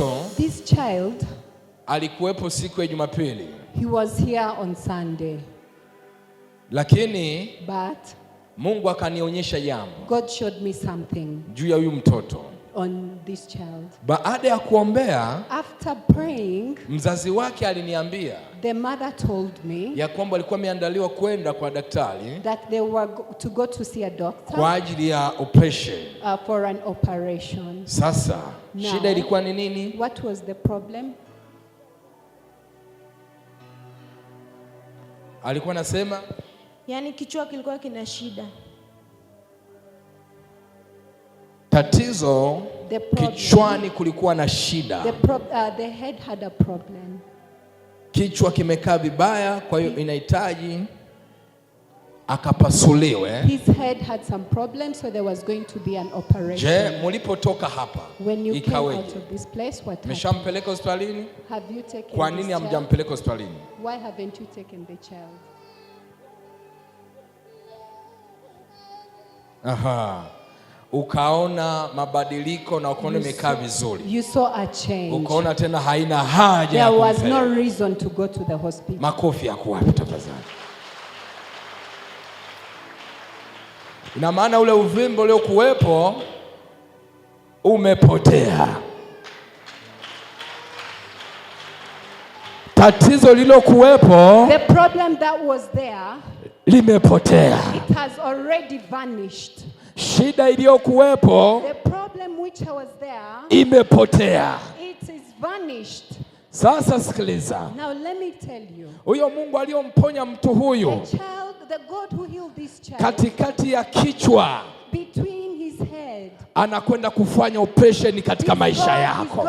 mtoto this child alikuwepo siku ya Jumapili. He was here on Sunday. Lakini but Mungu akanionyesha jambo. God showed me something. Juu ya huyu mtoto on this child. Baada ya kuombea, After praying, mzazi wake aliniambia the mother told me ya kwamba alikuwa ameandaliwa kwenda kwa daktari that they were to go to see a doctor kwa ajili ya operation uh, for an operation. Sasa Now, shida ilikuwa ni nini? What was the problem? Alikuwa anasema, yani kichwa kilikuwa kina shida Tatizo kichwani kulikuwa na shida. The pro, uh, the head had a problem. Kichwa kimekaa vibaya, kwa hiyo inahitaji akapasuliwe. His head had some problems, so there was going to be an operation. Je, mulipotoka hapa ikaweje? Mmeshampeleka hospitalini? Have you taken kwa nini hamjampeleka hospitalini? Why haven't you taken the child? Aha ukaona mabadiliko na ukaona imekaa vizuri. Ukaona tena haina haja. There was no reason to go to the hospital. Makofi ya kuwapi tafadhali. Ina maana ule uvimbo uliokuwepo umepotea. Tatizo lililokuwepo limepotea. It has already vanished shida iliyokuwepo imepotea. Sasa sikiliza, huyo Mungu aliyomponya mtu huyu katikati ya kichwa anakwenda kufanya operesheni katika maisha yako.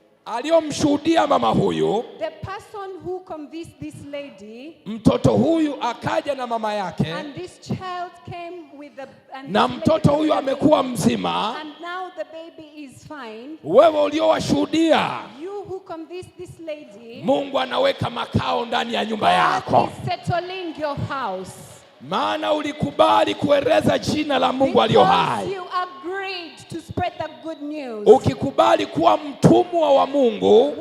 aliyomshuhudia mama huyu, the person who convinced this lady, mtoto huyu akaja na mama yake and this child came with the, and na mtoto huyu amekuwa mzima and now the baby is fine. Wewe uliowashuhudia Who convinced this lady, Mungu anaweka makao ndani ya nyumba yako. God is Settling your house maana ulikubali kueleza jina la Mungu aliyo hai. Ukikubali kuwa mtumwa wa Mungu,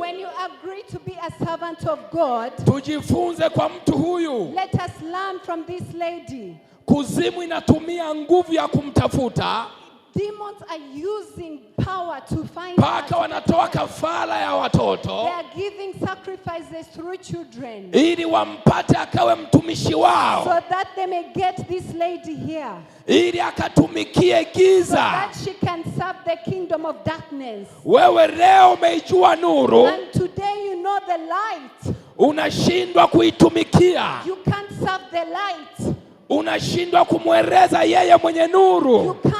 tujifunze kwa mtu huyu. Let us learn from this lady. Kuzimu inatumia nguvu ya kumtafuta Demons are using power to find paka wanatoa kafara ya watoto. They are giving sacrifices through children. Ili wampate akawe mtumishi wao. So that they may get this lady here. Ili akatumikie giza. So that she can serve the kingdom of darkness. Wewe leo umeijua nuru. And today you know the light. Unashindwa kuitumikia. You can't serve the light. Unashindwa kumwereza yeye mwenye nuru. You can't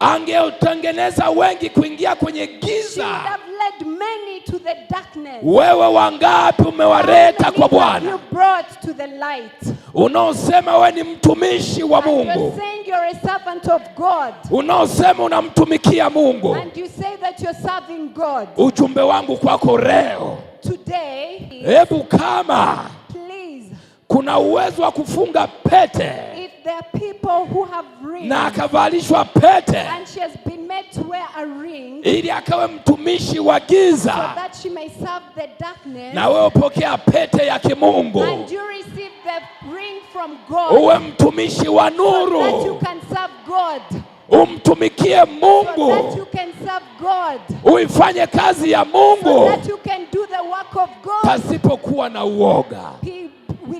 angeutengeneza wengi kuingia kwenye giza. Wewe wangapi umewaleta kwa Bwana? Unaosema wewe ni mtumishi wa Mungu, unaosema unamtumikia Mungu, ujumbe wangu kwako leo, hebu kama please, kuna uwezo wa kufunga pete na akavalishwa pete ili akawe mtumishi wa giza, na upokea pete ya kimungu uwe mtumishi wa nuru umtumikie Mungu so uifanye kazi ya Mungu pasipokuwa na uoga.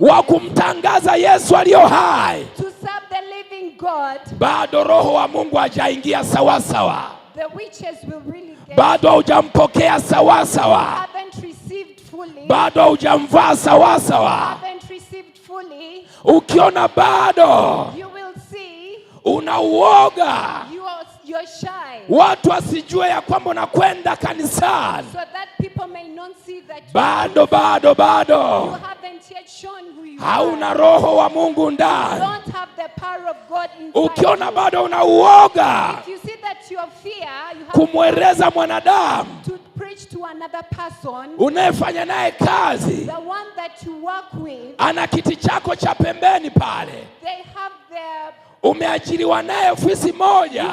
wa kumtangaza Yesu aliyo hai, bado roho wa Mungu hajaingia sawasawa, bado haujampokea sawasawa, bado haujamvaa sawasawa. Ukiona bado unauoga watu wasijue ya kwamba unakwenda kanisani, so bado bado bado hauna roho wa Mungu ndani, ukiona bado una uoga kumweleza mwanadamu unayefanya naye kazi, ana kiti chako cha pembeni pale, umeajiriwa naye ofisi moja.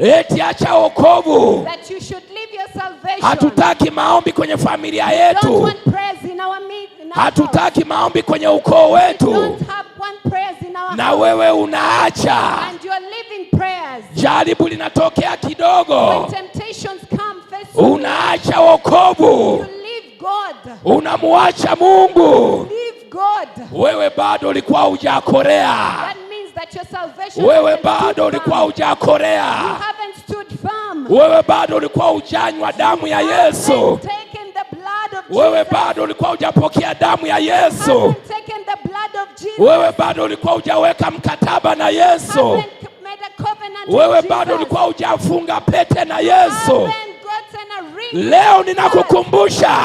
eti acha wokovu. Hatutaki maombi kwenye familia yetu, hatutaki maombi kwenye ukoo wetu, na wewe unaacha. Jaribu linatokea kidogo, unaacha wokovu, unamwacha Mungu. Wewe bado ulikuwa hujaokolewa. Wewe bado ulikuwa hujakorea, wewe bado ulikuwa hujanywa damu ya Yesu, wewe bado ulikuwa hujapokea damu ya Yesu, wewe bado ulikuwa hujaweka mkataba na Yesu, wewe bado ulikuwa hujafunga pete na Yesu. Leo ninakukumbusha,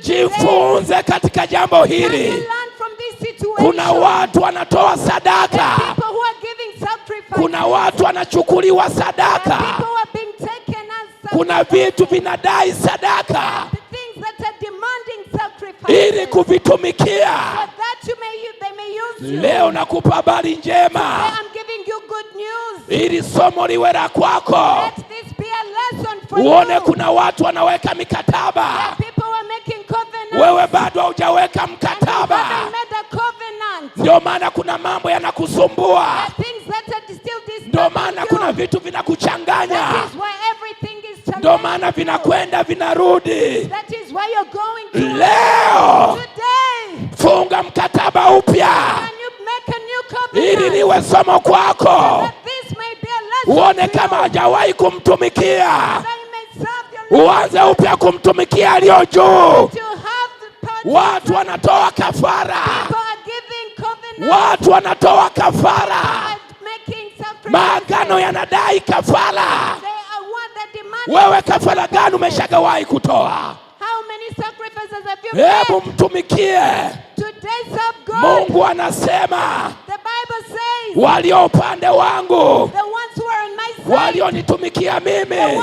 jifunze katika jambo hili. Kuna watu wanatoa sadaka, kuna watu wanachukuliwa sadaka, kuna vitu vinadai sadaka ili kuvitumikia. Leo nakupa habari njema ili somo liwe la kwako, uone kuna watu wanaweka mikataba, wewe bado haujaweka mkataba. Ndio maana kuna mambo yanakusumbua, ndio maana kuna vitu vinakuchanganya, ndio maana vinakwenda vinarudi. Leo funga mkataba upya ili niwe somo kwako, uone kama hajawahi kumtumikia, uanze upya kumtumikia aliyo juu. Watu wanatoa kafara watu wanatoa kafara, maagano yanadai kafara. Wewe kafara gani umeshagawahi kutoa? Hebu mtumikie Mungu. Anasema walio upande wangu, walionitumikia mimi,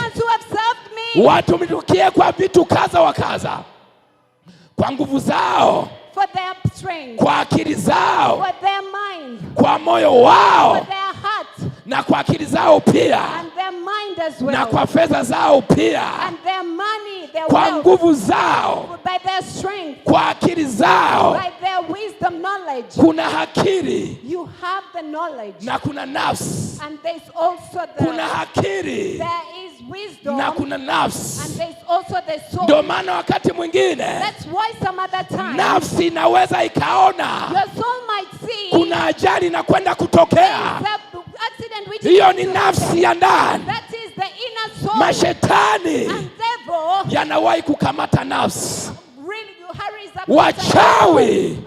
watumikie kwa vitu kaza wa kaza kwa nguvu zao kwa akili zao, kwa moyo wao na kwa akili zao pia na kwa fedha zao pia kwa nguvu zao kwa akili zao kuna hakiri na kuna nafsi, kuna akili wisdom, na kuna nafsi. Ndio maana wakati mwingine nafsi inaweza ikaona kuna ajali na kwenda kutokea, hiyo ni nafsi ya ndani. Mashetani yanawahi kukamata nafsi wachawi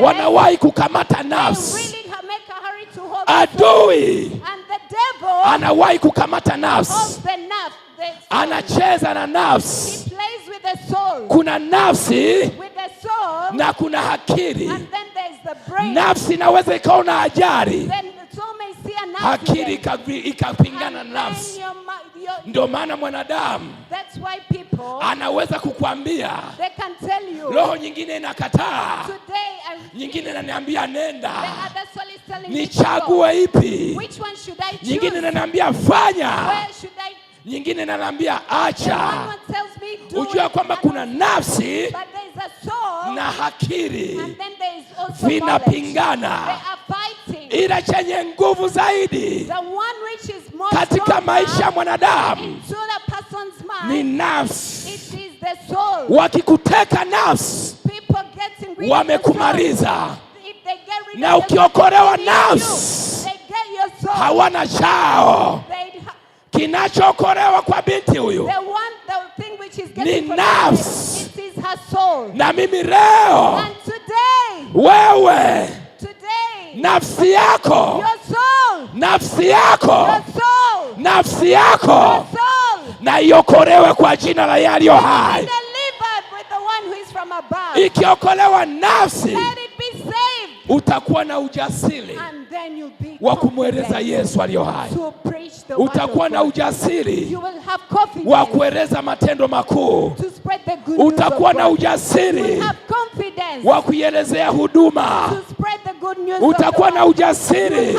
wanawahi kukamata nafsi, adui anawahi kukamata nafsi, anacheza na nafsi. Kuna nafsi na kuna hakiri Nafsi inaweza ikawa na ajari, hakiri ikapingana na nafsi. Ndio maana mwanadamu anaweza kukuambia, roho nyingine inakataa, nyingine inaniambia nenda nichague ipi? Nyingine inaniambia fanya, nyingine inaniambia acha. Hujua kwamba kuna nafsi na akili vinapingana, ila chenye nguvu zaidi katika maisha ya mwanadamu ni nafsi. Wakikuteka nafsi, wamekumaliza na ukiokolewa nafsi hawana chao. Kinachookolewa kwa binti huyu ni nafsi, na mimi leo wewe nafsi yako nafsi yako nafsi yako na iokolewe kwa jina la yaliyo hai. Ikiokolewa nafsi utakuwa na ujasiri wa kumweleza Yesu aliyo hai. Utakuwa na ujasiri wa kueleza matendo makuu. Utakuwa na ujasiri wa kuielezea huduma. Utakuwa na ujasiri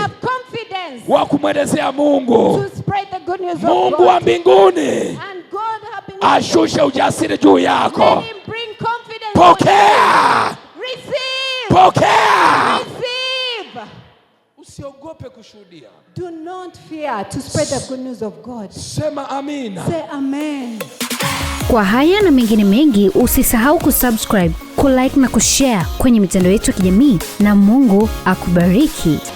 wa kumwelezea Mungu, Mungu wa mbinguni ashushe ujasiri juu yako. Pokea. Pokea. Receive. Usiogope kushuhudia. Do not fear to spread the good news of God. Sema amina. Say amen. Kwa haya na mengine mengi usisahau kusubscribe, kulike na kushare kwenye mitandao yetu ya kijamii na Mungu akubariki.